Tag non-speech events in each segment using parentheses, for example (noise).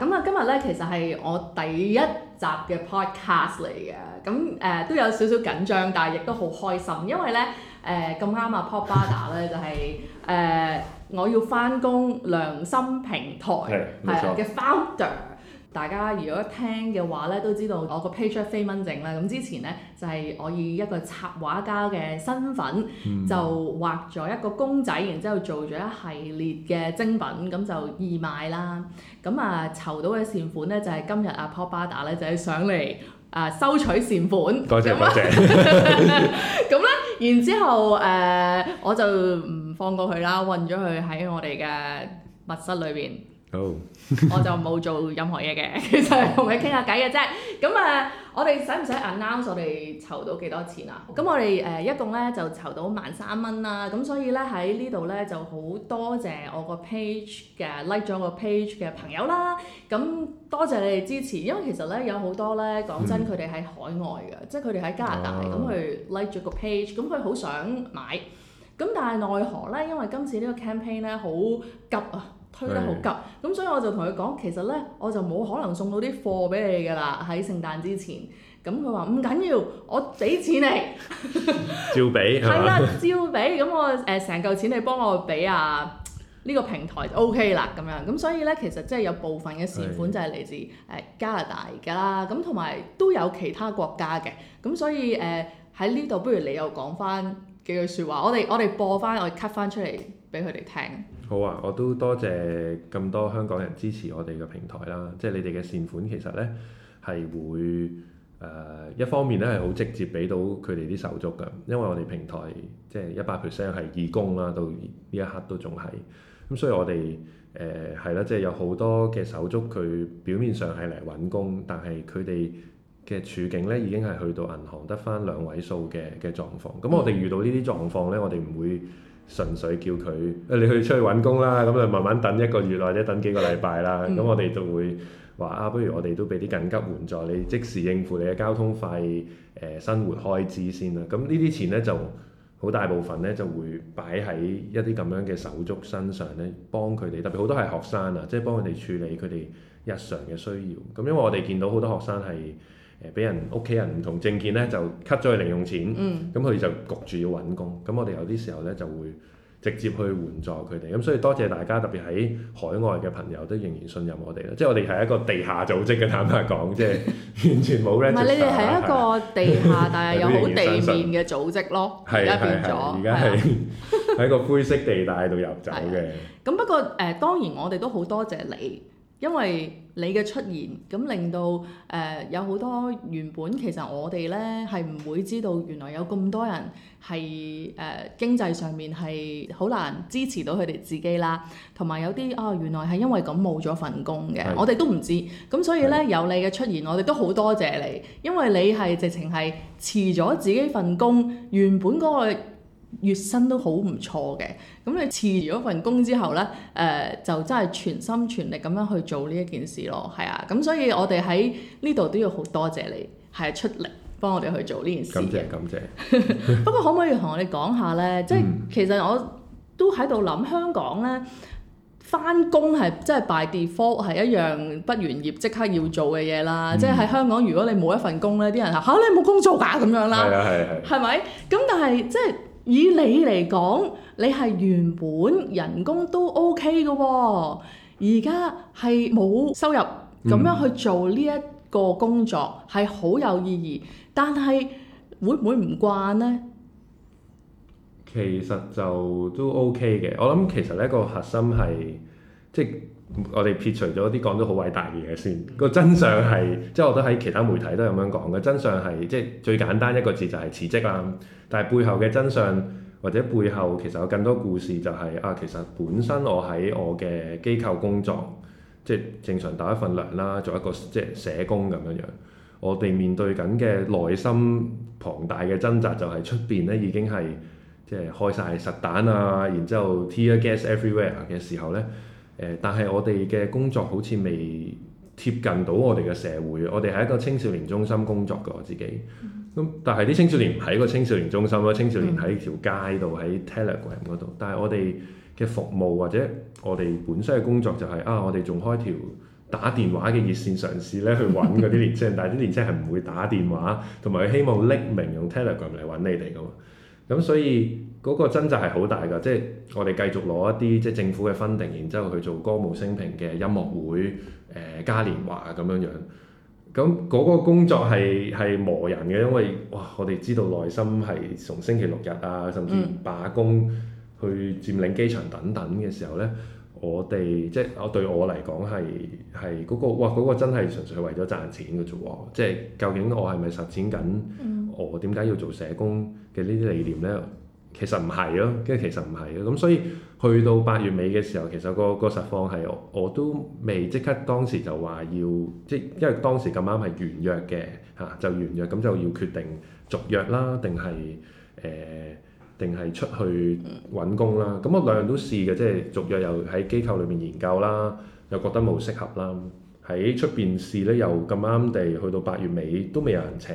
咁啊，今日咧其實係我第一集嘅 podcast 嚟嘅，咁、嗯、誒、呃、都有少少緊張，但係亦都好開心，因為咧誒咁啱啊，Pop 巴打咧 (laughs) 就係、是、誒、呃、我要返工良心平台係嘅 founder。大家如果聽嘅話咧，都知道我個 Page 飛 Mun 證咧。咁之前咧就係我以一個插畫家嘅身份、嗯、就畫咗一個公仔，然之後做咗一系列嘅精品，咁就義賣啦。咁啊，籌到嘅善款咧，就係今日阿 Pop 巴打咧，就係上嚟啊收取善款。多謝多謝。咁咧，然之後誒、呃，我就唔放過佢啦，韞咗佢喺我哋嘅密室裏邊。好，oh. (laughs) 我就冇做任何嘢嘅，其實係同佢傾下偈嘅啫。咁啊，我哋使唔使 announce 我哋籌到幾多錢啊？咁我哋誒一共咧就籌到萬三蚊啦。咁所以咧喺呢度咧就好多謝我個 page 嘅 like 咗個 page 嘅朋友啦。咁多謝，謝你哋支持，因為其實咧有好多咧講真，佢哋喺海外嘅，嗯、即係佢哋喺加拿大咁佢，啊、like 咗個 page，咁佢好想買，咁但係奈何咧，因為今次個呢個 campaign 咧好急啊！推得好急，咁是所以我就同佢講，其實咧我就冇可能送到啲貨俾你㗎啦，喺聖誕之前。咁佢話唔緊要，我俾錢你 (laughs) 照俾係啦，照俾。咁我誒成嚿錢你幫我俾啊呢、這個平台就 OK 啦咁樣。咁所以咧其實即係有部分嘅善款就係嚟自誒加拿大㗎啦，咁同埋都有其他國家嘅。咁所以誒喺呢度不如你又講翻幾句説話，我哋我哋播翻我 cut 翻出嚟俾佢哋聽。好啊！我都多謝咁多香港人支持我哋嘅平台啦，即係你哋嘅善款其實咧係會誒一方面咧係好直接俾到佢哋啲手足嘅，因為我哋平台即係一百 percent 係義工啦，到呢一刻都仲係咁，所以我哋誒係啦，即係有好多嘅手足，佢表面上係嚟揾工，但係佢哋嘅處境咧已經係去到銀行得翻兩位數嘅嘅狀況。咁我哋遇到呢啲狀況咧，我哋唔會。純粹叫佢，誒你去出去揾工啦，咁就慢慢等一個月或者等幾個禮拜啦。咁、嗯、我哋就會話啊，不如我哋都俾啲緊急援助你，即時應付你嘅交通費、誒、呃、生活開支先啦。咁呢啲錢咧就好大部分咧就會擺喺一啲咁樣嘅手足身上咧，幫佢哋，特別好多係學生啊，即係幫佢哋處理佢哋日常嘅需要。咁因為我哋見到好多學生係。誒俾人屋企人唔同政見咧，就 cut 咗佢零用錢，咁佢、嗯、就焗住要揾工。咁我哋有啲時候咧就會直接去援助佢哋。咁所以多謝大家，特別喺海外嘅朋友都仍然信任我哋啦。即係我哋係一個地下組織嘅坦白講，即係完全冇。 (laughs) 唔係你哋係一個地下，對但係有好地面嘅組織咯。係變咗，而家係喺個灰色地帶度遊走嘅。咁 (laughs) 不過誒、呃，當然我哋都好多謝你，因為。你嘅出現，咁令到誒、呃、有好多原本其實我哋呢係唔會知道，原來有咁多人係誒、呃、經濟上面係好難支持到佢哋自己啦，同埋有啲啊、哦、原來係因為咁冇咗份工嘅，是的 我哋都唔知。咁所以呢，是的 有你嘅出現，我哋都好多謝你，因為你係直情係辭咗自己份工，原本嗰、那個，月薪都好唔錯嘅，咁你辭咗份工之後呢，誒、呃、就真係全心全力咁樣去做呢一件事咯，係啊，咁所以我哋喺呢度都要好多謝你係出力幫我哋去做呢件事感。感謝感謝。 (laughs) 不過可唔可以同我哋講下呢？即、就、係、是、其實我都喺度諗香港呢返工係即係 by default 係一樣畢完業即刻要做嘅嘢啦。即係、嗯、喺香港如果你冇一份工呢，啲人吓、啊，你冇工做假咁樣啦，係係咪？咁但係即係。以你嚟講，你係原本人工都 OK 嘅，哦，而家係冇收入咁樣去做呢一個工作係好、嗯、有意義，但係會唔會唔慣呢？其實就都 OK 嘅，我諗其實呢一個核心係即係。 (noise) 我哋撇除咗啲講得好偉大嘅嘢先，個真相係，即係我覺得喺其他媒體都咁樣講嘅。真相係即係最簡單一個字就係辭職啦。但係背後嘅真相或者背後其實有更多故事，就是，就係啊，其實本身我喺我嘅機構工作，即係正常打一份糧啦，做一個即係社工咁樣樣。我哋面對緊嘅內心龐大嘅掙扎，就係出邊咧已經係即係開晒實彈啊，然之後 tear gas everywhere 嘅時候咧。誒，但係我哋嘅工作好似未貼近到我哋嘅社會，我哋係一個青少年中心工作嘅，我自己。咁但係啲青少年唔喺個青少年中心啦，青少年喺條街度、喺 Telegram 嗰度。但係我哋嘅服務或者我哋本身嘅工作就係、是、啊，我哋仲開條打電話嘅熱線嘗試咧，去揾嗰啲年青人，但係啲年青人係唔會打電話，同埋佢希望匿名用 Telegram 嚟揾你哋㗎嘛。咁所以嗰個掙扎係好大㗎，即係我哋繼續攞一啲即係政府嘅 funding，然之後去做歌舞升平嘅音樂會、誒、呃、嘉年華啊，咁樣樣。咁嗰個工作係係磨人嘅，因為哇，我哋知道內心係從星期六日啊，甚至罷工、去佔領機場等等嘅時候咧。我哋即係我對我嚟講係係嗰個哇嗰、嗰個真係純粹係為咗賺錢嘅啫喎，即係究竟我係咪實踐緊我點解要做社工嘅呢啲理念咧？其實唔係咯，跟住其實唔係咯，咁所以去到八月尾嘅時候，其實、嗰個、嗰個實況係我都未即刻當時就話要即係因為當時咁啱係完約嘅嚇，就完約咁就要決定續約啦，定係誒？呃定係出去揾工啦，咁我兩樣都試嘅，即係續約又喺機構裏面研究啦，又覺得冇適合啦。喺出邊試咧，又咁啱地去到八月尾都未有人請，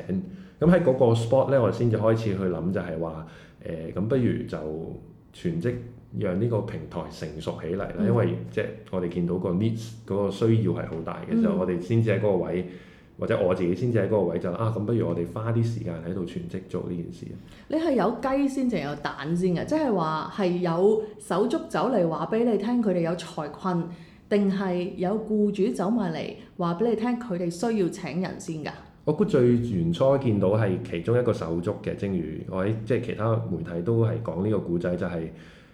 咁喺嗰個 spot 咧，我先至開始去諗就係話，誒、呃、咁不如就全職，讓呢個平台成熟起嚟啦，mm hmm. 因為即係我哋見到個 needs 嗰個需要係好大嘅時候，mm hmm. 我哋先至喺嗰個位。或者我自己先至喺嗰個位就啊，咁不如我哋花啲時間喺度全職做呢件事，你係有雞先至有蛋先嘅？即係話係有手足走嚟話俾你聽，佢哋有財困，定係有僱主走埋嚟話俾你聽，佢哋需要請人先㗎？我估最原初見到係其中一個手足嘅，正如我喺即係其他媒體都係講呢個故仔，就係、是、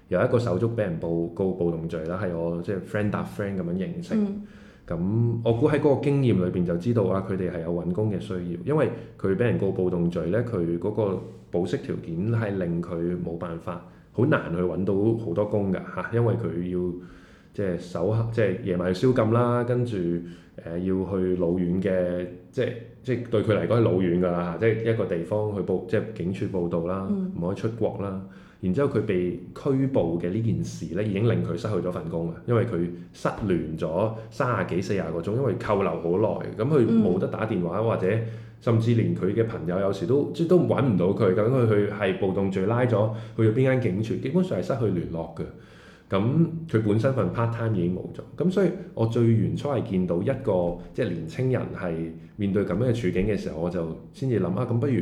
有一個手足俾人報告暴動罪啦，係我即係、就是、friend 搭 friend 咁樣認識。嗯咁我估喺嗰個經驗裏邊就知道啊，佢哋係有揾工嘅需要，因為佢俾人告暴動罪咧，佢嗰個保釋條件係令佢冇辦法好難去揾到好多工㗎嚇，因為佢要即係守即係夜晚要宵禁啦，跟住誒要去老遠嘅即係即係對佢嚟講係老遠㗎啦嚇，即係一個地方去報即係警署報到啦，唔、嗯、可以出國啦。然之後佢被拘捕嘅呢件事咧，已經令佢失去咗份工啦，因為佢失聯咗三十幾四十個鐘，因為扣留好耐，咁佢冇得打電話或者甚至連佢嘅朋友有時都即都揾唔到佢。究竟佢係暴動罪拉咗去咗邊間警署，基本上係失去聯絡嘅。咁佢本身份 part time 已經冇咗。咁所以我最原初係見到一個即係、就是、年青人係面對咁樣嘅處境嘅時候，我就先至諗啊，咁不如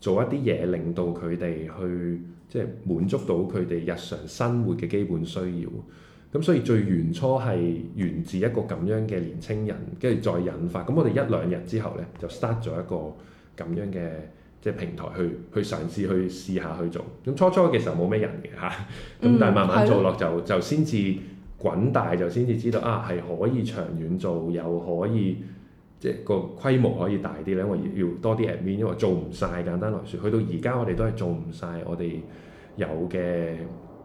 做一啲嘢令到佢哋去。即係滿足到佢哋日常生活嘅基本需要，咁所以最原初係源自一個咁樣嘅年青人，跟住再引發。咁我哋一兩日之後咧，就 start 咗一個咁樣嘅即係平台去去嘗，去嘗試去試下去做。咁初初嘅時候冇咩人嘅嚇，咁、啊、但係慢慢做落就就先至滾大，就先至知道啊係可以長遠做又可以。即係個規模可以大啲咧，因為要多啲 admin，因為做唔晒。簡單來說，去到而家我哋都係做唔晒我哋有嘅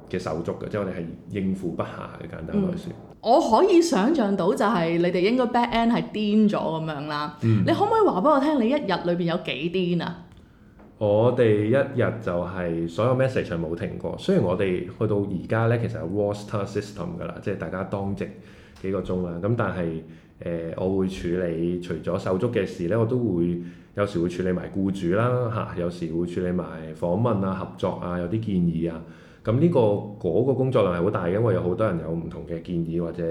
嘅手足嘅，即係我哋係應付不下嘅。簡單來說、嗯，我可以想像到就係你哋應該 back end 係癲咗咁樣啦。嗯、你可唔可以話俾我聽，你一日裏邊有幾癲啊？我哋一日就係所有 message 冇停過。雖然我哋去到而家咧，其實有 roster system 噶啦，即係大家當值幾個鐘啦。咁但係誒、呃，我會處理除咗手足嘅事咧，我都會有時會處理埋僱主啦，嚇、啊，有時會處理埋訪問啊、合作啊、有啲建議啊。咁呢個嗰個工作量係好大嘅，因為有好多人有唔同嘅建議或者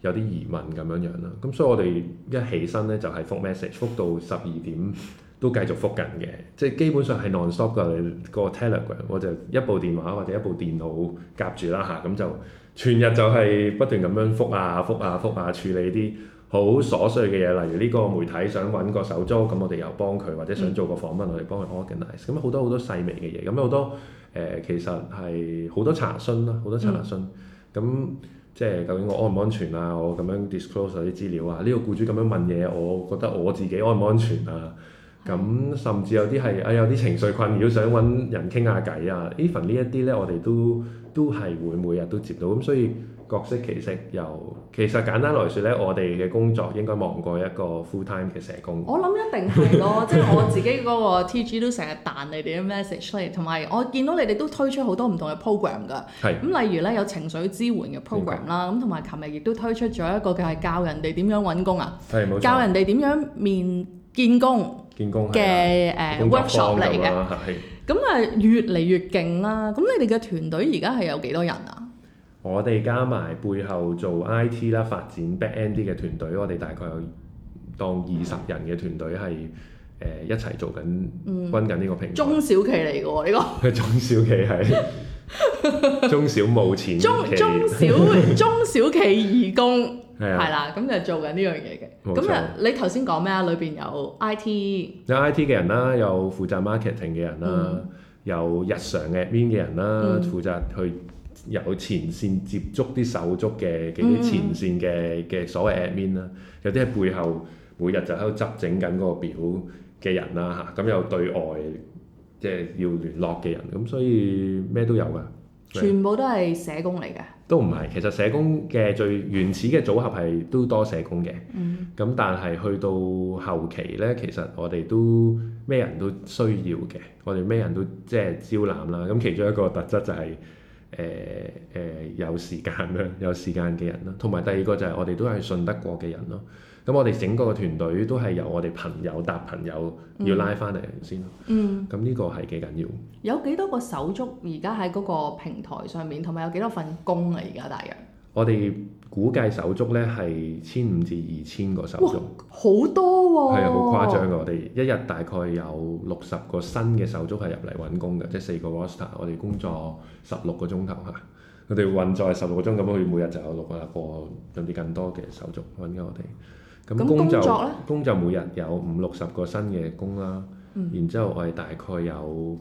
有啲疑問咁樣樣啦。咁所以我哋一起身咧就係復 message，復到十二點都繼續復緊嘅，即係基本上係 non-stop 㗎，你個 Telegram。我就一部電話或者一部電腦夾住啦，嚇、啊，咁就全日就係不斷咁樣復啊、復啊、復啊、復啊、復啊，處理啲好瑣碎嘅嘢，例如呢個媒體想揾個手足，咁我哋又幫佢，或者想做個訪問，我哋幫佢 organize，咁好多好多細微嘅嘢，咁好多誒、呃、其實係好多查詢啦，好多查詢，咁、嗯、即係究竟我安唔安全啊？我咁樣 disclose 嗰啲資料啊？呢、這個僱主咁樣問嘢，我覺得我自己安唔安全啊？咁甚至有啲係、哎、啊，有啲情緒困擾，想揾人傾下偈啊，even 呢一啲呢，我哋都都係會每日都接到，咁所以。角色其色，由其實簡單來說咧，我哋嘅工作應該忙過一個 full time 嘅社工。我諗一定係咯，即係我自己嗰個 TG 都成日彈你哋嘅 message 咧，同埋我見到你哋都推出好多唔同嘅 program 㗎。係咁，例如咧有情緒支援嘅 program 啦，咁同埋琴日亦都推出咗一個嘅係教人哋點樣揾工啊，教人哋點樣面見工。見工嘅誒 workshop 嚟嘅，係咁啊，越嚟越勁啦！咁你哋嘅團隊而家係有幾多人啊？我哋加埋背後做 I T 啦，發展 b a n d 啲嘅團隊，我哋大概有當二十人嘅團隊係誒一齊做緊，均緊呢個平台。中小企嚟嘅喎，呢個中小企係中小冇錢，中小中小企義工係啦，咁就做緊呢樣嘢嘅。咁啊，你頭先講咩啊？裏邊有 I T 有 I T 嘅人啦，有負責 marketing 嘅人啦，有日常嘅邊嘅人啦，負責去。有前線接觸啲手足嘅嘅啲前線嘅嘅所謂 admin 啦、嗯，有啲喺背後每日就喺度執整緊嗰個表嘅人啦，嚇咁有對外即係要聯絡嘅人，咁所以咩都有㗎，全部都係社工嚟嘅，都唔係，其實社工嘅最原始嘅組合係都多社工嘅，咁、嗯、但係去到後期咧，其實我哋都咩人都需要嘅，我哋咩人都即係、就是、招攬啦，咁其中一個特質就係、是。誒誒、呃呃、有時間嘅有時間嘅人咯，同埋第二個就係我哋都係信得過嘅人咯。咁我哋整個個團隊都係由我哋朋友搭朋友要拉翻嚟先咯，嗯。嗯，咁呢個係幾緊要。有幾多個手足而家喺嗰個平台上面，同埋有幾多份工啊？而家大約、嗯、我哋。估計手足咧係千五至二千個手足，好多喎、哦，係啊好誇張㗎！我哋一日大概有六十個新嘅手足係入嚟揾工嘅，即係四個 roster。我哋工作十六個鐘頭嚇，佢哋運作十六個鐘咁，佢每日就有六個啦，個有啲更多嘅手足揾緊我哋。咁工就工就每日有五六十個新嘅工啦，嗯、然之後我哋大概有，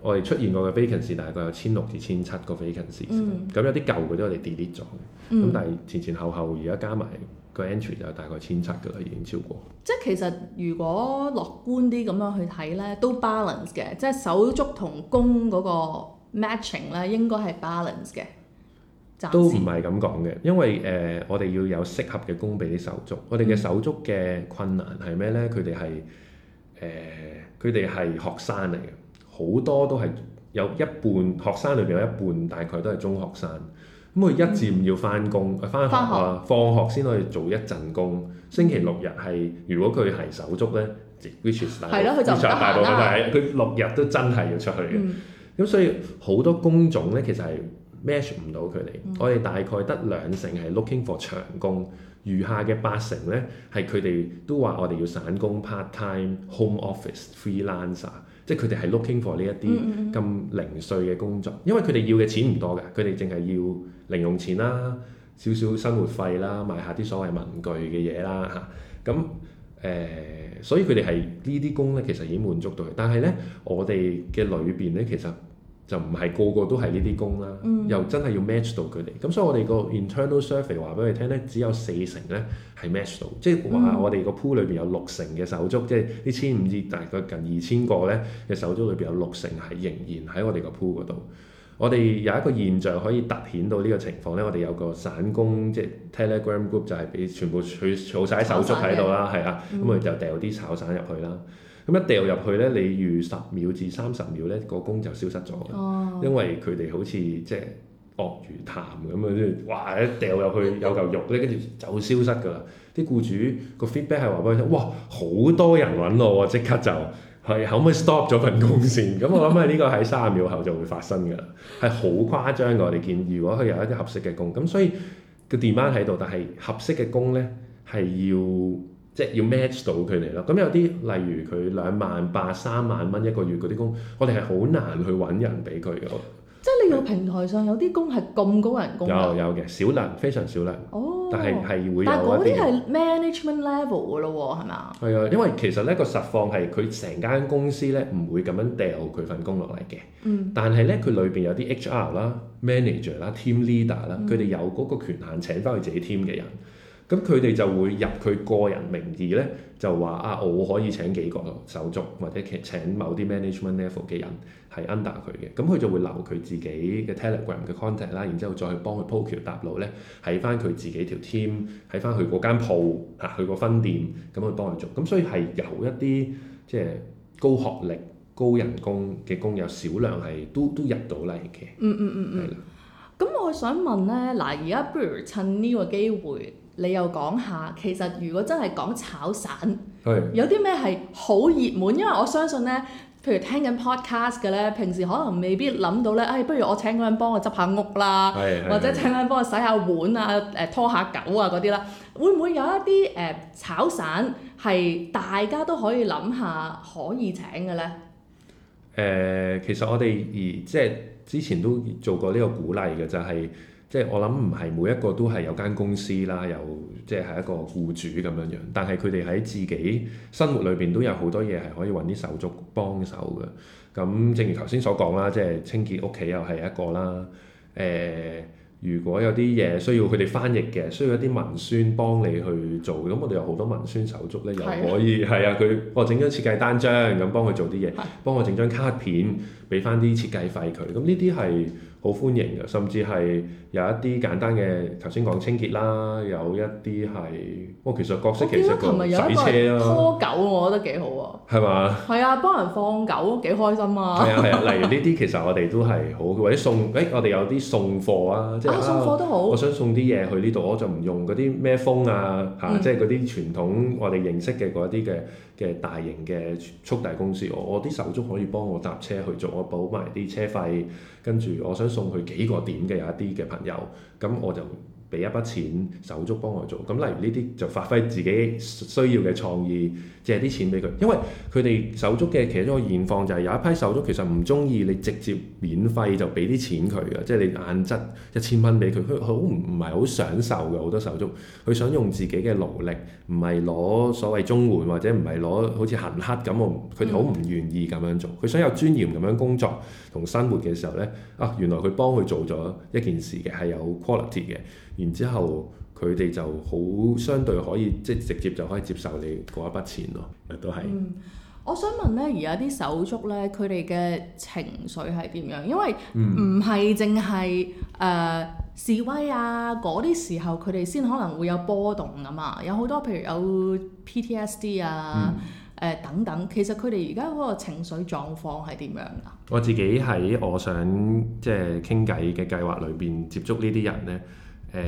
我哋出現過嘅 vacancies 大概有千六至千七個 vacancies，咁、嗯、有啲舊嗰啲我哋 delete 咗嘅，咁、嗯、但係前前後後而家加埋個 entry 就大概千七嘅啦，已經超過。即係其實如果樂觀啲咁樣去睇咧，都 balance 嘅，即係手足同工嗰個 matching 咧應該係 balance 嘅。都唔係咁講嘅，因為誒、呃、我哋要有適合嘅工俾啲手足。我哋嘅手足嘅困難係咩咧？佢哋係誒佢哋係學生嚟嘅。好多都係有一半學生，裏邊有一半大概都係中學生，咁佢一至五要返工，返、嗯、學啦，放學先可以做一陣工。嗯、星期六日係如果佢係手足咧，嗯 e、就係咯，佢就唔得啦。佢六日都真係要出去嘅，咁、嗯嗯、所以好多工種咧，其實係 match 唔到佢哋。嗯、我哋大概得兩成係 looking for 長工，餘下嘅八成咧，係佢哋都話我哋要散工、part time、home office free、freelancer。即係佢哋係 looking for 呢一啲咁零碎嘅工作，因為佢哋要嘅錢唔多㗎，佢哋淨係要零用錢啦、少少生活費啦、買下啲所謂文具嘅嘢啦嚇。咁誒、呃，所以佢哋係呢啲工咧，其實已經滿足到佢。但係咧，我哋嘅裏邊咧，其實～就唔係個個都係呢啲工啦，嗯、又真係要 match 到佢哋。咁所以我哋個 internal survey 話俾你聽咧，只有四成咧係 match 到，即係話、嗯、我哋個 pool 裏邊有六成嘅手足，即係呢千五至大概近二千個咧嘅手足裏邊有六成係仍然喺我哋個 pool 嗰度。我哋有一個現象可以突顯到呢個情況咧，我哋有個散工即係、就係、Telegram group 就係俾全部儲儲曬手足喺度啦，係啊，咁、嗯、佢、嗯、就掉啲炒散入去啦。咁一掉入去咧，你預十秒至三十秒咧，個工就消失咗。Oh. 因為佢哋好似即係鱷魚潭咁樣，哇一掉入去有嚿肉咧，跟住就消失㗎啦。啲僱主個 feedback 係話俾佢聽，哇好多人揾我喎，即刻就係可唔可以 stop 咗份工先。咁 (laughs) 我諗係呢個喺卅秒後就會發生㗎，係好 (laughs) 誇張㗎。我哋見如果佢有一啲合適嘅工，咁所以個 demand 喺度，但係合適嘅工咧係要。即係要 match 到佢哋咯，咁有啲例如佢兩萬八、三萬蚊一個月嗰啲工，我哋係好難去揾人俾佢嘅。即係你個平台上有啲工係咁高人工？有。有有嘅，少量，非常少量，哦，但係係會有。但係嗰啲係 management level 嘅咯，係咪？係啊，因為其實咧個實況係佢成間公司咧唔會咁樣掉佢份工落嚟嘅。嗯、但係咧，佢裏邊有啲 HR 啦、manager 啦、team leader 啦、嗯，佢哋有嗰個權限請返佢自己 team 嘅人。咁佢哋就會入佢個人名義咧，就話啊，我可以請幾個手足，或者請某啲 management level 嘅人係 under 佢嘅。咁佢就會留佢自己嘅 Telegram 嘅 contact 啦，然之後再去幫佢鋪橋搭路咧，喺翻佢自己條 team，喺翻佢嗰間鋪啊，佢個、啊、分店咁去幫佢做。咁所以係由一啲即係高學歷、高人工嘅工友，少量係都都入到嚟嘅、嗯。嗯嗯嗯嗯。係嘅。咁我想問咧，嗱而家不如趁呢個機會。你又講下，其實如果真係講炒散，的有啲咩係好熱門？因為我相信呢，譬如聽緊 Podcast 嘅呢，平時可能未必諗到呢：「哎，不如我請個人幫我執下屋啦，的或者請個人幫我洗下碗啊、誒拖下狗啊嗰啲啦。會唔會有一啲誒、呃、炒散係大家都可以諗下可以請嘅呢？誒、呃，其實我哋而即係之前都做過呢個鼓勵嘅，就係、是。即係我諗唔係每一個都係有間公司啦，又即係一個僱主咁樣樣，但係佢哋喺自己生活裏邊都有好多嘢係可以揾啲手足幫手嘅。咁正如頭先所講啦，即係清潔屋企又係一個啦。誒、呃，如果有啲嘢需要佢哋翻譯嘅，需要一啲文宣幫你去做，咁我哋有好多文宣手足咧，又可以係啊，佢我整張設計單張咁幫佢做啲嘢，係啊。幫我整張卡片，俾翻啲設計費佢。咁呢啲係。好歡迎嘅，甚至係有一啲簡單嘅，頭先講清潔啦，有一啲係，我、哦、其實角色其實有個洗車咯，拖狗我覺得幾好啊，係嘛吧，係啊，幫人放狗幾開心啊，係 (laughs) 啊係啊，例如呢啲其實我哋都係好或者送，誒、哎、我哋有啲送貨啊，即係、啊、送貨都好、啊。我想送啲嘢去呢度，我就唔用嗰啲咩風啊，即係嗰啲傳統我哋認識嘅嗰啲嘅。嘅大型嘅速遞公司，我我啲手足可以幫我搭車去做，我補埋啲車費，跟住我想送去幾個點嘅有一啲嘅朋友，咁我就，俾一筆錢手足幫我做，咁例如呢啲就發揮自己需要嘅創意，借啲錢俾佢，因為佢哋手足嘅其中一個現況就係有一批手足其實唔鍾意你直接免費就俾啲錢佢嘅，即係你硬塞一千蚊俾佢，佢好唔唔係好享受嘅，好多手足，佢想用自己嘅勞力，唔係攞所謂綜援或者唔係攞好似行乞咁，我佢哋好唔願意咁樣做，佢想有尊嚴咁樣工作同生活嘅時候咧，啊原來佢幫佢做咗一件事嘅係有 quality 嘅。然之後，佢哋就好相對可以即直接就可以接受你嗰一筆錢咯。都係、嗯，我想問呢，而家啲手足呢，佢哋嘅情緒係點樣？因為唔係淨係誒示威啊嗰啲時候，佢哋先可能會有波動啊嘛。有好多譬如有 PTSD 啊誒、嗯呃、等等，其實佢哋而家嗰個情緒狀況係點樣咧？我自己喺我想即係傾偈嘅計劃裏邊接觸呢啲人呢。誒、呃，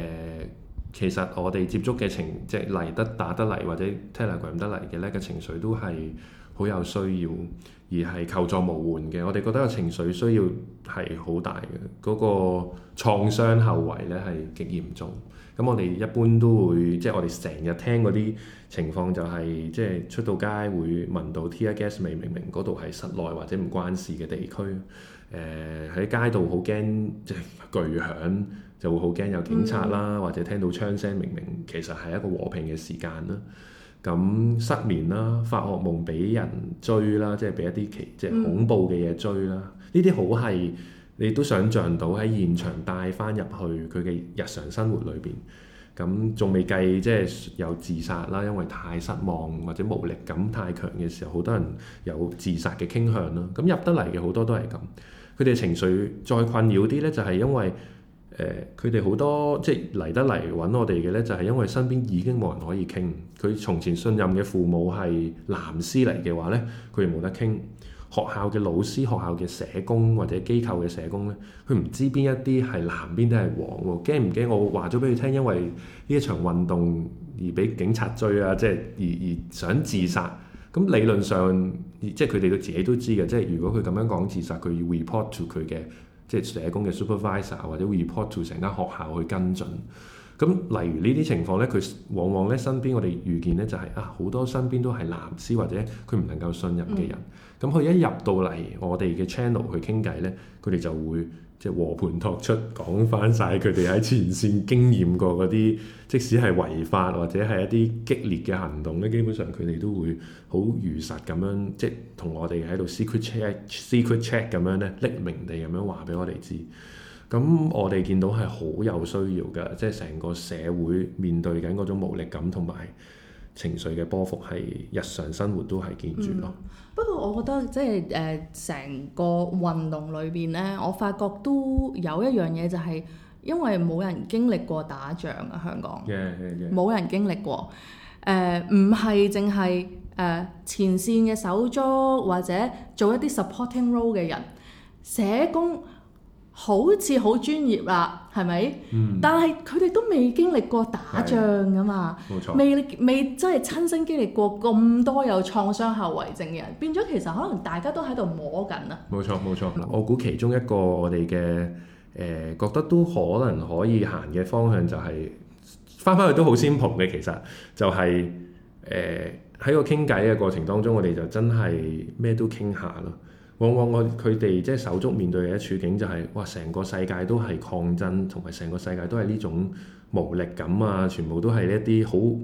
其實我哋接觸嘅情，即係嚟得打得嚟，或者 Telegram 得嚟嘅咧，個情緒都係好有需要，而係求助無援嘅。我哋覺得個情緒需要係好大嘅，嗰、那個創傷後遺咧係極嚴重。咁我哋一般都會，即係我哋成日聽嗰啲情況、就是，就係即係出到街會聞到 tear gas 味，明明嗰度係室內或者唔關事嘅地區。誒、呃，喺街度好驚，即係巨響。就會好驚有警察啦，嗯、或者聽到槍聲，明明其實係一個和平嘅時間啦。咁失眠啦，發噩夢俾人追啦，即係俾一啲奇即係恐怖嘅嘢追啦。呢啲、嗯、好係你都想像到喺現場帶翻入去佢嘅日常生活裏邊。咁仲未計即係有自殺啦，因為太失望或者無力感太強嘅時候，好多人有自殺嘅傾向啦。咁入得嚟嘅好多都係咁，佢哋情緒再困擾啲呢，就係因為。誒，佢哋好多即係嚟得嚟揾我哋嘅咧，就係、是、因為身邊已經冇人可以傾。佢從前信任嘅父母係藍絲嚟嘅話咧，佢哋冇得傾。學校嘅老師、學校嘅社工或者機構嘅社工咧，佢唔知邊一啲係藍邊都係黃喎。驚唔驚？我話咗俾佢聽，因為呢一場運動而俾警察追啊，即係而而想自殺。咁理論上，即係佢哋自己都知嘅，即係如果佢咁樣講自殺，佢要 report to 佢嘅。即係社工嘅 supervisor 或者 report to 成間學校去跟進咁，例如況呢啲情況咧，佢往往咧身邊我哋遇見咧就係、是、啊好多身邊都係藍絲或者佢唔能夠信任嘅人，咁佢、嗯、一入到嚟我哋嘅 channel 去傾偈咧，佢哋、嗯、就會。即係和盤托出，講翻晒，佢哋喺前線經驗過嗰啲，即使係違法或者係一啲激烈嘅行動咧，基本上佢哋都會好如實咁樣，即係同我哋喺度 secret check、secret check 咁樣咧，匿名地咁樣話俾我哋知。咁我哋見到係好有需要嘅，即係成個社會面對緊嗰種無力感同埋。情緒嘅波幅係日常生活都係見住咯，嗯。不過我覺得即係誒成個運動裏邊咧，我發覺都有一樣嘢就係、是，因為冇人經歷過打仗啊，香港。冇、yeah, yeah , yeah. 人經歷過。誒、呃，唔係淨係誒前線嘅手足或者做一啲 supporting role 嘅人，社工。好似好專業啦，係咪？嗯。但係佢哋都未經歷過打仗噶嘛，冇錯。未未真係親身經歷過咁多有創傷後遺症嘅人，變咗其實可能大家都喺度摸緊啊。冇錯冇錯。我估其中一個我哋嘅誒覺得都可能可以行嘅方向就係、是、翻返去都好先蓬嘅，其實就係誒喺個傾偈嘅過程當中，我哋就真係咩都傾下咯。往往我佢哋即係手足面對嘅一處境就係、是、哇！成個世界都係抗爭同埋成個世界都係呢種無力感啊！全部都係一啲好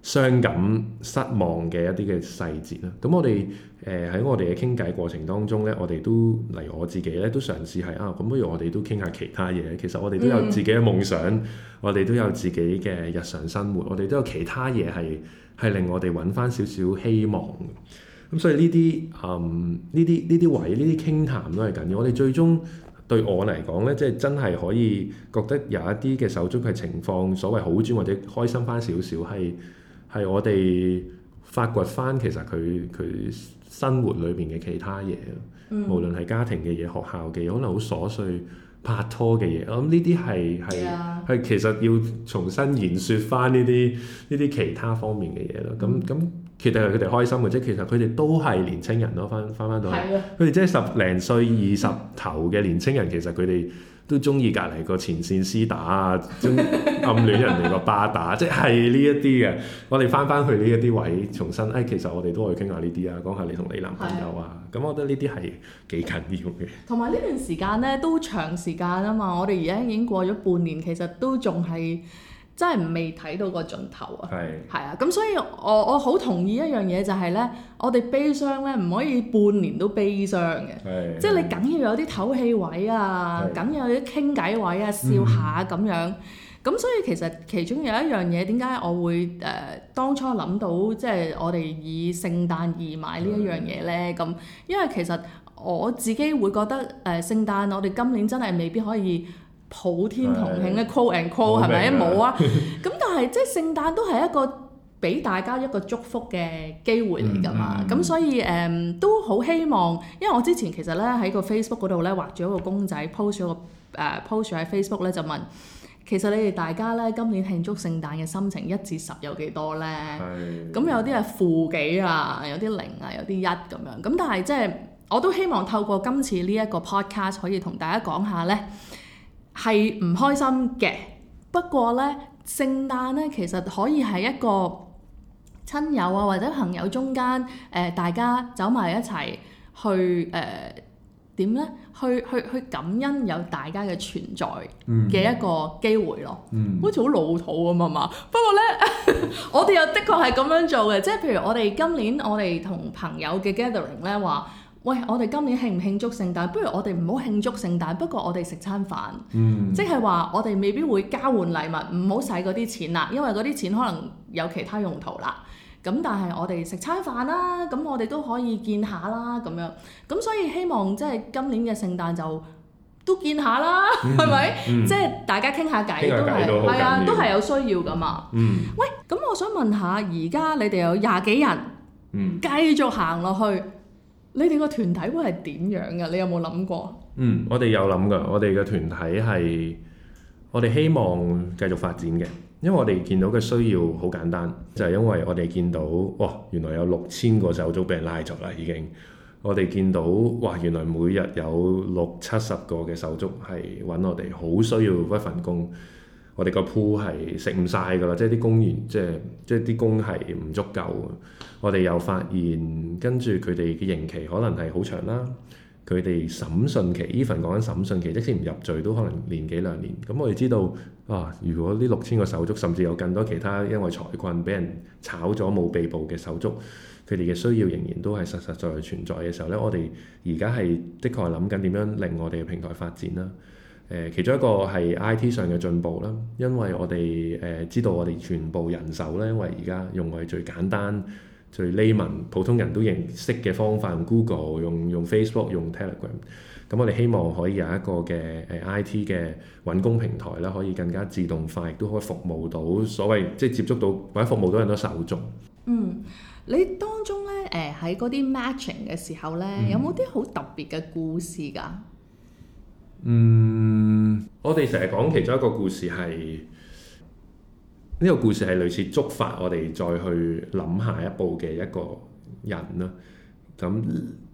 傷感、失望嘅一啲嘅細節啦。咁我哋誒喺我哋嘅傾偈過程當中咧，我哋都嚟，我自己咧，都嘗試係啊，咁不如我哋都傾下其他嘢。其實我哋都有自己嘅夢想，嗯、我哋都有自己嘅日常生活，我哋都有其他嘢係係令我哋揾翻少少希望。咁所以呢啲嗯呢啲呢啲位呢啲傾談都係緊要。我哋最終對我嚟講咧，即係真係可以覺得有一啲嘅手足嘅情況，所謂好轉或者開心翻少少，係係我哋發掘翻其實佢佢生活裏邊嘅其他嘢，嗯、無論係家庭嘅嘢、學校嘅，可能好瑣碎，拍拖嘅嘢。我諗呢啲係係係其實要重新言說翻呢啲呢啲其他方面嘅嘢咯。咁咁、嗯。其實係佢哋開心嘅，即係其實佢哋都係年青人咯，翻翻翻到去，佢哋的即係十零歲二十、嗯、頭嘅年青人，其實佢哋都中意隔離個前線絲打啊，中暗戀人哋個巴打， (laughs) 即係呢一啲嘅。我哋翻翻去呢一啲位，重新誒、哎，其實我哋都可以傾下呢啲啊，講下你同你男朋友啊，咁的我覺得呢啲係幾緊要嘅。同埋呢段時間呢，都長時間啊嘛，我哋而家已經過咗半年，其實都仲係。真係未睇到個盡頭啊！係是啊，咁所以我我好同意一樣嘢，就係呢：我哋悲傷呢，唔可以半年都悲傷嘅，是即係你梗要有啲透氣位啊，梗是有啲傾偈位啊，笑下咁樣。咁、嗯、所以其實其中有一樣嘢，點解我會誒、呃、當初諗到即係、就是、我哋以聖誕而買呢一樣嘢呢？咁是因為其實我自己會覺得誒、呃、聖誕，我哋今年真係未必可以。普天同慶咧，call 的 and call 係咪冇啊？咁 (laughs) 但係即係聖誕都係一個俾大家一個祝福嘅機會嚟㗎嘛。咁 (laughs) 所以誒、um，都好希望，因為我之前其實咧喺個 Facebook 嗰度咧畫咗一個公仔，post 咗個誒、uh, post 咗喺 Facebook 咧就問，其實你哋大家咧今年慶祝聖誕嘅心情一至十有幾多咧？咁的有啲係負幾啊，有啲零啊，有啲、啊、一咁樣。咁但係即係我都希望透過今次呢一個 podcast 可以同大家講下咧。係唔開心嘅，不過呢，聖誕呢其實可以係一個親友啊或者朋友中間，誒、呃、大家走埋一齊去誒點、呃、呢？去去去感恩有大家嘅存在嘅一個機會咯，嗯、好似好老土咁啊嘛！嗯、不過呢， (laughs) 我哋又的確係咁樣做嘅，即係譬如我哋今年我哋同朋友嘅 gathering 呢話，喂，我哋今年慶唔慶祝聖誕？不如我哋唔好慶祝聖誕，不過我哋食餐飯，即係話我哋未必會交換禮物，唔好使嗰啲錢啦，因為嗰啲錢可能有其他用途啦。咁但係我哋食餐飯啦，咁我哋都可以見下啦，咁樣。咁所以希望即係今年嘅聖誕就都見下啦，係咪？即係大家傾下偈都係係啊，都係有需要噶嘛。嗯、喂，咁我想問下，而家你哋有廿幾人，嗯嗯、繼續行落去。你哋個團體會係點樣㗎？你有冇諗過？嗯，我哋有諗㗎。我哋嘅團體係，我哋希望繼續發展嘅，因為我哋見到嘅需要好簡單，就係因為我哋見到，哇，原來有六千個手足俾人拉咗啦已經。我哋見到，哇，原來每日有六七十個嘅手足係揾我哋，好需要一份工。我哋個鋪係食唔晒㗎啦，即係啲工員，即係即係啲工係唔足夠。我哋又發現，跟住佢哋嘅刑期可能係好長啦。佢哋審訊期，呢份講緊審訊期，即使唔入罪都可能年幾兩年。咁、嗯、我哋知道啊，如果呢六千個手足，甚至有更多其他因為財困俾人炒咗冇被捕嘅手足，佢哋嘅需要仍然都係實實在在存在嘅時候咧，我哋而家係的確係諗緊點樣令我哋嘅平台發展啦。誒，其中一個係 IT 上嘅進步啦，因為我哋誒、呃、知道我哋全部人手咧，因為而家用我哋最簡單、最 layman，普通人都認識嘅方法，Google，用 Google、用 book，用 Facebook、用 Telegram，咁我哋希望可以有一個嘅誒 IT 嘅揾工平台啦，可以更加自動化，亦都可以服務到所謂即係接觸到或者服務到人都手足。嗯，你當中咧誒喺嗰啲 matching 嘅時候咧，嗯、有冇啲好特別嘅故事㗎？嗯，我哋成日講，其中一個故事係，呢個故事係類似觸發我哋再去諗下一步嘅一個人啦。咁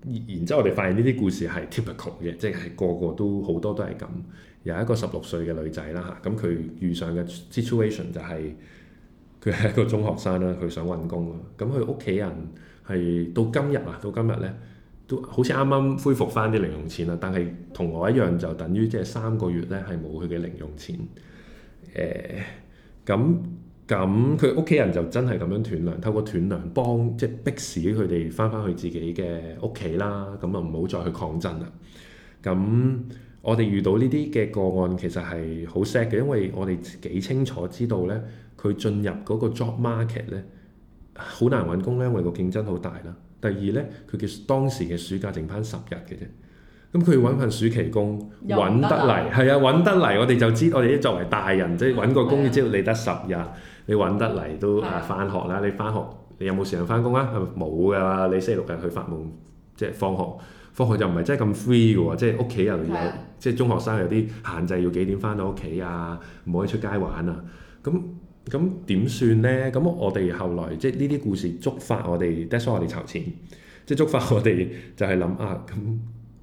然之後我哋發現呢啲故事係 typical 嘅，即係個個都好多都係咁。有一個十六歲嘅女仔啦吓，咁佢遇上嘅 situation 就係佢係一個中學生啦，佢想揾工咯。咁佢屋企人係到今日啊，到今日咧。都好似啱啱恢復翻啲零用錢啦，但係同我一樣就等於即係三個月咧係冇佢嘅零用錢。誒、呃，咁咁佢屋企人就真係咁樣斷糧，透過斷糧幫即係逼使佢哋翻返去自己嘅屋企啦，咁啊唔好再去抗爭啦。咁我哋遇到呢啲嘅個案其實係好 sad 嘅，因為我哋幾清楚知道咧，佢進入嗰個 job market 咧好難揾工咧，因為個競爭好大啦。第二咧，佢叫當時嘅暑假剩返十日嘅啫，咁佢要揾份暑期工，揾不得嚟，係、嗯、啊，揾得嚟，我哋就知，嗯、我哋作為大人，即係揾個工，對知道你得十日，你揾得嚟都對啊，返學啦，你返學，你有冇時間返工啊？冇噶，你星期六日去發夢，即係放學，放學就唔係真係咁 free 嘅喎，即係屋企又有，對即係中學生有啲限制，要幾點返到屋企啊，唔可以出街玩啊，咁、嗯。嗯嗯咁點、嗯、算呢？咁我哋後來即係呢啲故事觸發我哋 that's why 我哋籌錢，即係觸發我哋就係、是、諗啊！咁、啊嗯、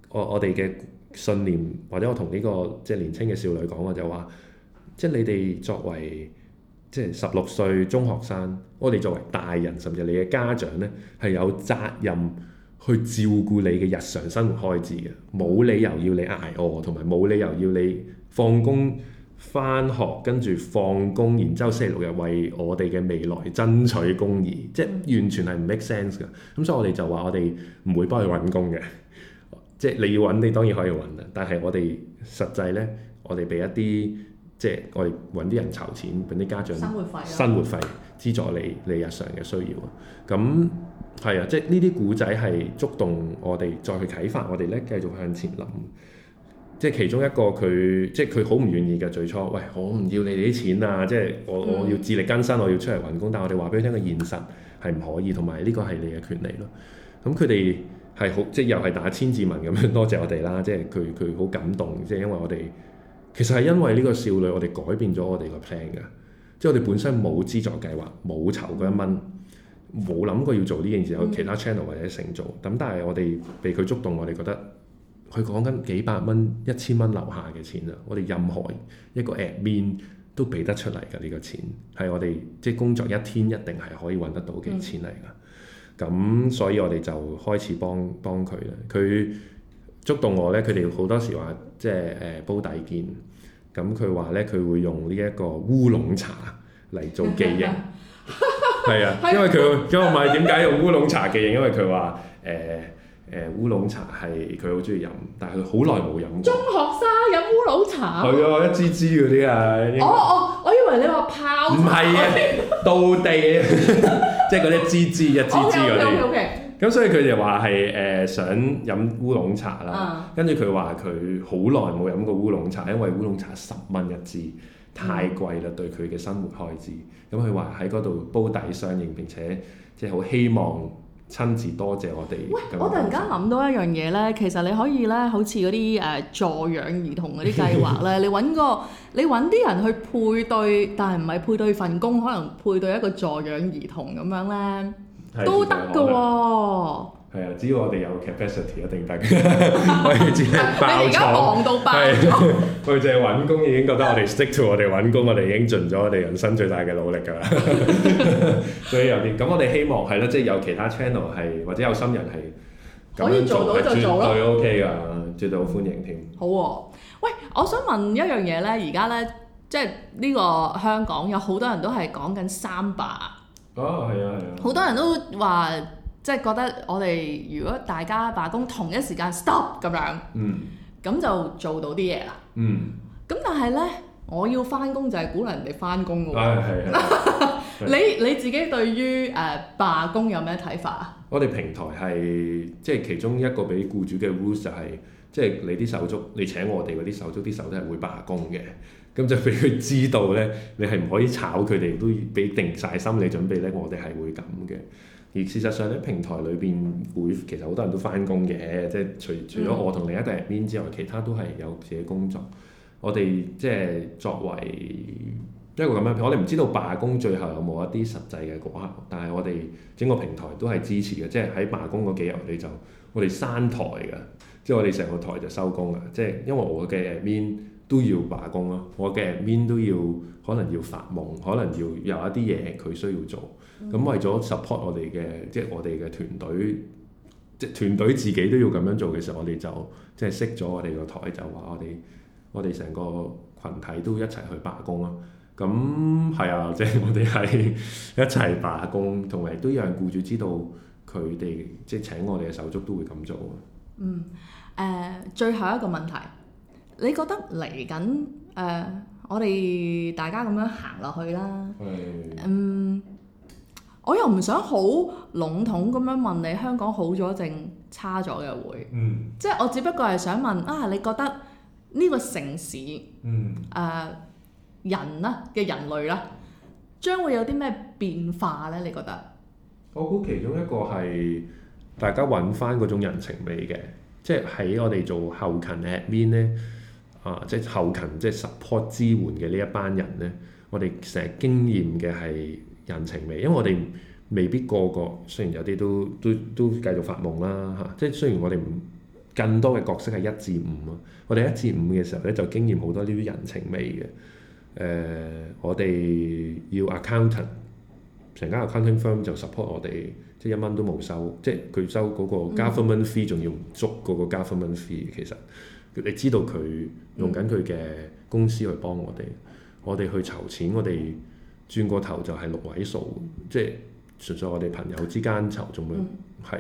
我我哋嘅信念，或者我同呢、這個即係年青嘅少女講嘅就話，即係你哋作為即係十六歲中學生，我哋作為大人，甚至你嘅家長呢，係有責任去照顧你嘅日常生活開支嘅，冇理由要你挨餓，同埋冇理由要你放工。翻學跟住放工，然之後星期六日為我哋嘅未來爭取公義，即係完全係唔 make sense 㗎。咁所以我哋就話我哋唔會幫佢揾工嘅。即係你要揾，你當然可以揾啦。但係我哋實際咧，我哋俾一啲即係我哋揾啲人籌錢，俾啲家長生活費，資助你你日常嘅需要。咁係啊，即係呢啲古仔係觸動我哋再去啟發我哋咧，繼續向前諗。即係其中一個佢，即係佢好唔願意嘅。最初，喂，我唔要你哋啲錢啊！即係我我要自力更生，我要出嚟搵工。但係我哋話俾佢聽，個現實係唔可以，同埋呢個係你嘅權利咯。咁佢哋係好，即係又係打千字文咁樣，多謝我哋啦。即係佢佢好感動，即係因為我哋其實係因為呢個少女，我哋改變咗我哋個 plan 嘅。即係我哋本身冇資助計劃，冇籌過一蚊，冇諗過要做呢件事，有其他 channel 或者成做。咁但係我哋被佢觸動，我哋覺得。佢講緊幾百蚊、一千蚊樓下嘅錢啊。我哋任何一個 admin 都俾得出嚟嘅呢個錢，係我哋即係工作一天一定係可以揾得到嘅錢嚟㗎。咁、嗯、所以我哋就開始幫幫佢啦。佢觸動我呢，佢哋好多時話即係誒、呃、煲底見。咁佢話呢，佢會用呢一個烏龍茶嚟做記憶。係 (laughs) (laughs) (laughs) 啊，因為佢 (laughs) 因為唔係點解用烏龍茶記憶？因為佢話誒。呃誒、呃、烏龍茶係佢好中意飲，但係佢好耐冇飲過。中學生飲烏龍茶？係 (music) 啊，一支支嗰啲啊。哦哦，我以為你話泡。唔係 (music) 啊，道地，即係嗰啲支支一支支嗰啲。O K O K 咁所以佢就話係誒想飲烏龍茶啦，跟住佢話佢好耐冇飲過烏龍茶，因為烏龍茶十蚊一支太貴啦，對佢嘅生活開支。咁佢話喺嗰度煲底相應，並且即係好希望。親自多謝我哋。喂，我突然間諗到一樣嘢咧，其實你可以咧，好似嗰啲誒助養兒童嗰啲計劃咧， (laughs) 你搵個，你搵啲人去配對，但係唔係配對份工，可能配對一個助養兒童咁樣咧，是都得㗎喎。係啊，只要我哋有 capacity，一定得。 (laughs) 我哋只係爆倉。你而家忙到爆，佢淨係揾工，已經覺得我哋 stick to 我哋揾工， (laughs) 我哋已經盡咗我哋人生最大嘅努力㗎啦。 (laughs) 所以有啲咁，我哋希望係咯、啊，即係有其他 channel 係，或者有心人係，可以做到就做咯。O K. 㗎，絕對好、OK、 (laughs) 歡迎添。好喎、啊，喂，我想問一樣嘢咧，而家咧，即係呢個香港有好多人都係講緊三罷哦，係啊，係、嗯、啊，好 (laughs) 多人都話。即係覺得我哋如果大家罷工同一時間 stop 咁樣，咁、嗯、就做到啲嘢啦。咁、嗯、但係呢，我要返工就係鼓勵人哋返工喎。你你自己對於誒罷工有咩睇法啊？我哋平台係，即係其中一個俾僱主嘅 rules 就係，即係你啲手足，你請我哋嗰啲手足啲手都係會罷工嘅。咁就俾佢知道呢，你係唔可以炒佢哋，都俾定晒心理準備呢。我哋係會咁嘅。而事實上咧，平台裏邊會其實好多人都翻工嘅，即係除除咗我同另一對入 n 之外，其他都係有自己工作。我哋即係作為一個咁樣，我哋唔知道罷工最後有冇一啲實際嘅果效，但係我哋整個平台都係支持嘅，即係喺罷工嗰幾日，你就我哋刪台㗎，即係我哋成個台就收工啦。即係因為我嘅入面都要罷工咯，我嘅入面都要可能要發夢，可能要有一啲嘢佢需要做。咁、嗯、為咗 support 我哋嘅，即係我哋嘅團隊，即係團隊自己都要咁樣做嘅時候，我哋就即係熄咗我哋個台，就話我哋我哋成個群體都一齊去罷工咯。咁係啊，即係我哋係一齊罷工，同埋都有人僱主知道佢哋即係請我哋嘅手足都會咁做。嗯，誒、呃，最後一個問題，你覺得嚟緊誒，我哋大家咁樣行落去啦，嗯。嗯我又唔想好籠統咁樣問你香港好咗定差咗嘅會，嗯、即係我只不過係想問啊，你覺得呢個城市，誒、嗯啊、人啦嘅人類啦，將會有啲咩變化咧？你覺得？我估其中一個係大家揾翻嗰種人情味嘅，即係喺我哋做後勤 admin 咧，啊，即係後勤即係 support 支援嘅呢一班人咧，我哋成日經驗嘅係。人情味，因為我哋未必個個，雖然有啲都都都繼續發夢啦嚇、啊，即係雖然我哋唔更多嘅角色係一至五啊，我哋一至五嘅時候咧就經驗好多呢啲人情味嘅。誒、呃，我哋要 accountant，成間 accounting firm 就 support 我哋，即係一蚊都冇收，即係佢收嗰個 government fee 仲、嗯、要唔足嗰個 government fee，其實你知道佢用緊佢嘅公司去幫我哋，嗯、我哋去籌錢，我哋。轉個頭就係六位數，即係純粹我哋朋友之間籌眾嘅係，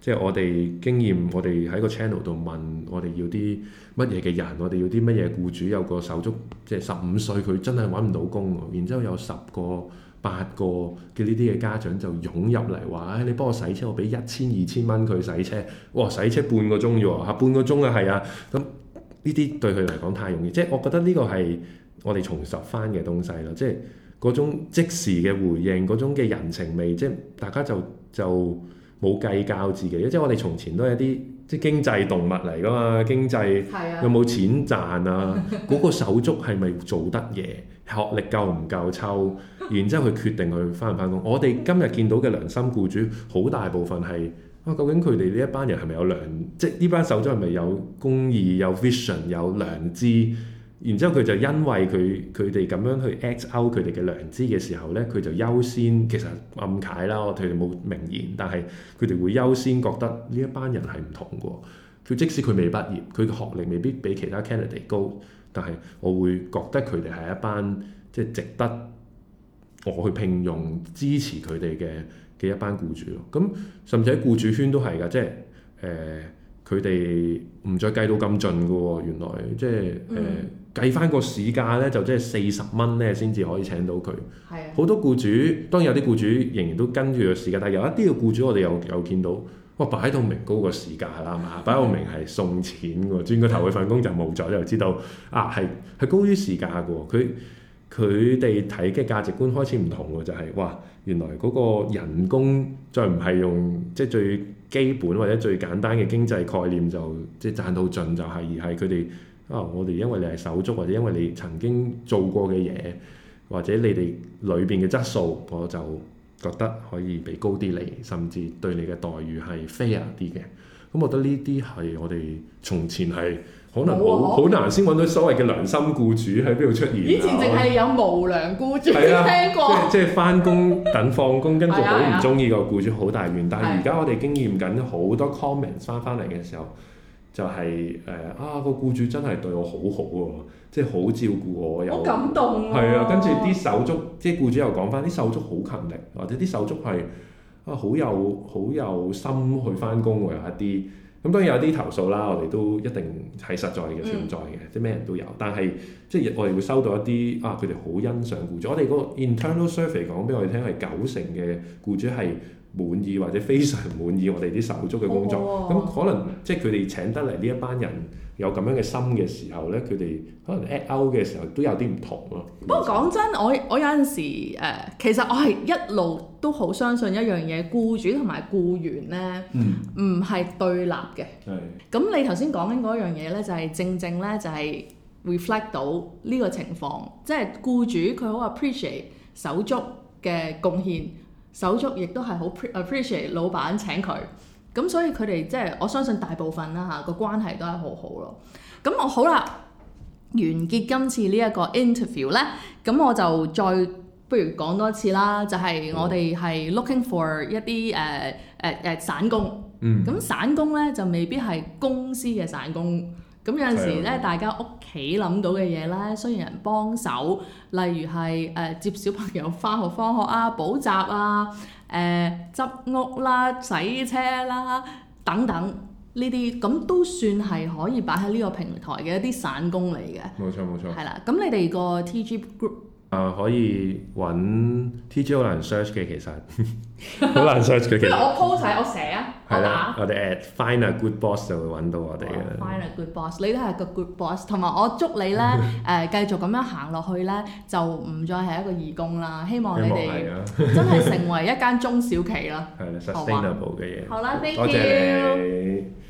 即係我哋經驗，我哋喺個 channel 度問，我哋要啲乜嘢嘅人，我哋要啲乜嘢僱主，有個手足，即係十五歲佢真係揾唔到工，然之後有十個、八個嘅呢啲嘅家長就湧入嚟話，誒、哎、你幫我洗車，我俾一千二千蚊佢洗車，哇洗車半個鐘咋喎？半個鐘啊？係啊，咁呢啲對佢嚟講太容易，即係我覺得呢個係我哋重拾翻嘅東西咯，即係。嗰種即時嘅回應，嗰種嘅人情味，即係大家就就冇計較自己。即係我哋從前都係啲即係經濟動物嚟㗎嘛，經濟有冇錢賺啊？嗰、啊、個手足係咪做得嘢？學歷夠唔夠抽？然之後佢決定去返唔返工。 (laughs) 我哋今日見到嘅良心僱主，好大部分係啊，究竟佢哋呢一班人係咪有良？即係呢班手足係咪有公義、有 vision、有良知？然之後佢就因為佢佢哋咁樣去 act out 佢哋嘅良知嘅時候呢，佢就優先，其實暗解啦。我哋冇明言，但係佢哋會優先覺得呢一班人係唔同嘅。佢即使佢未畢業，佢嘅學歷未必比其他 candidate 高，但係我會覺得佢哋係一班即係值得我去聘用支持佢哋嘅嘅一班僱主咯。咁甚至喺僱主圈都係噶，即係誒。呃佢哋唔再計到咁盡嘅喎，哦，原來即係誒計返個市價呢，就即係四十蚊呢先至可以請到佢，係好的多僱主，當然有啲僱主仍然都跟住個市價，但係有一啲嘅僱主，我哋又又見到哇，擺到明高個市價啦，嘛擺到明係送錢喎，的轉個頭佢份工就冇咗，又知道啊係係高於市價嘅喎，佢佢哋睇嘅價值觀開始唔同喎，就係、是，哇原來嗰個人工再唔係用即係最。基本或者最簡單嘅經濟概念就即係賺到盡就係，而係佢哋啊，我哋因為你係手足或者因為你曾經做過嘅嘢，或者你哋裏邊嘅質素，我就覺得可以俾高啲你，甚至對你嘅待遇係 fair 啲嘅。咁我覺得呢啲係我哋從前係。可能好好難先揾到所謂嘅良心僱主喺邊度出現。以前淨係有無良僱主 (laughs) 聽過， (laughs) 即即翻工等放工，跟住好唔中意個僱主，好大怨。但係而家我哋經驗緊好多 comment 翻翻嚟嘅時候，就係、是、誒、呃、啊個僱主真係對我好好、啊、喎，即係好照顧我，我好感動。係啊，跟住啲手足，即係僱主又講翻啲手足好勤力，或者啲手足係啊好有好有心去翻工喎，有一啲。咁當然有啲投訴啦，我哋都一定係實在嘅存在嘅，即咩人都有。但係即係我哋會收到一啲啊，佢哋好欣賞僱主。我哋嗰個 internal survey 講俾我哋聽係九成嘅僱主係。滿意或者非常滿意我哋啲手足嘅工作，咁、oh. 可能即係佢哋請得嚟呢一班人有咁樣嘅心嘅時候呢，佢哋可能 act out 嘅時候都有啲唔同咯。不過講真，我我有陣時誒、呃，其實我係一路都好相信一樣嘢，僱主同埋僱員呢唔係、mm. 對立嘅。咁、mm. 你頭先講緊嗰樣嘢呢，就係、是、正正呢，就係、是、reflect 到呢個情況，即係僱主佢好 appreciate 手足嘅貢獻。手足亦都係好 appreciate 老闆請佢，咁所以佢哋即係我相信大部分啦吓個關係都係好好咯。咁我好啦，完結今次呢一個 interview 咧，咁我就再不如講多一次啦，就係、是、我哋係 looking for 一啲誒誒誒散工，咁、mm. 散工咧就未必係公司嘅散工。咁、嗯、有陣時咧，大家屋企諗到嘅嘢咧，需要人幫手，例如係誒、呃、接小朋友翻學、放學啊、補習啊、誒、呃、執屋啦、啊、洗車啦、啊、等等呢啲，咁都算係可以擺喺呢個平台嘅一啲散工嚟嘅。冇錯，冇錯。係啦，咁你哋個 TG group。誒，可以揾 TG 好難 search 嘅，其實好難 search 嘅。其實我 post 喺我寫啊，我打我哋 at find a good boss 就會揾到我哋啦。Find a good boss，你都係個 good boss，同埋我祝你咧，誒，繼續咁樣行落去咧，就唔再係一個義工啦。希望你哋真係成為一間中小企啦。係啦，sustainable 嘅嘢。好啦，thank you。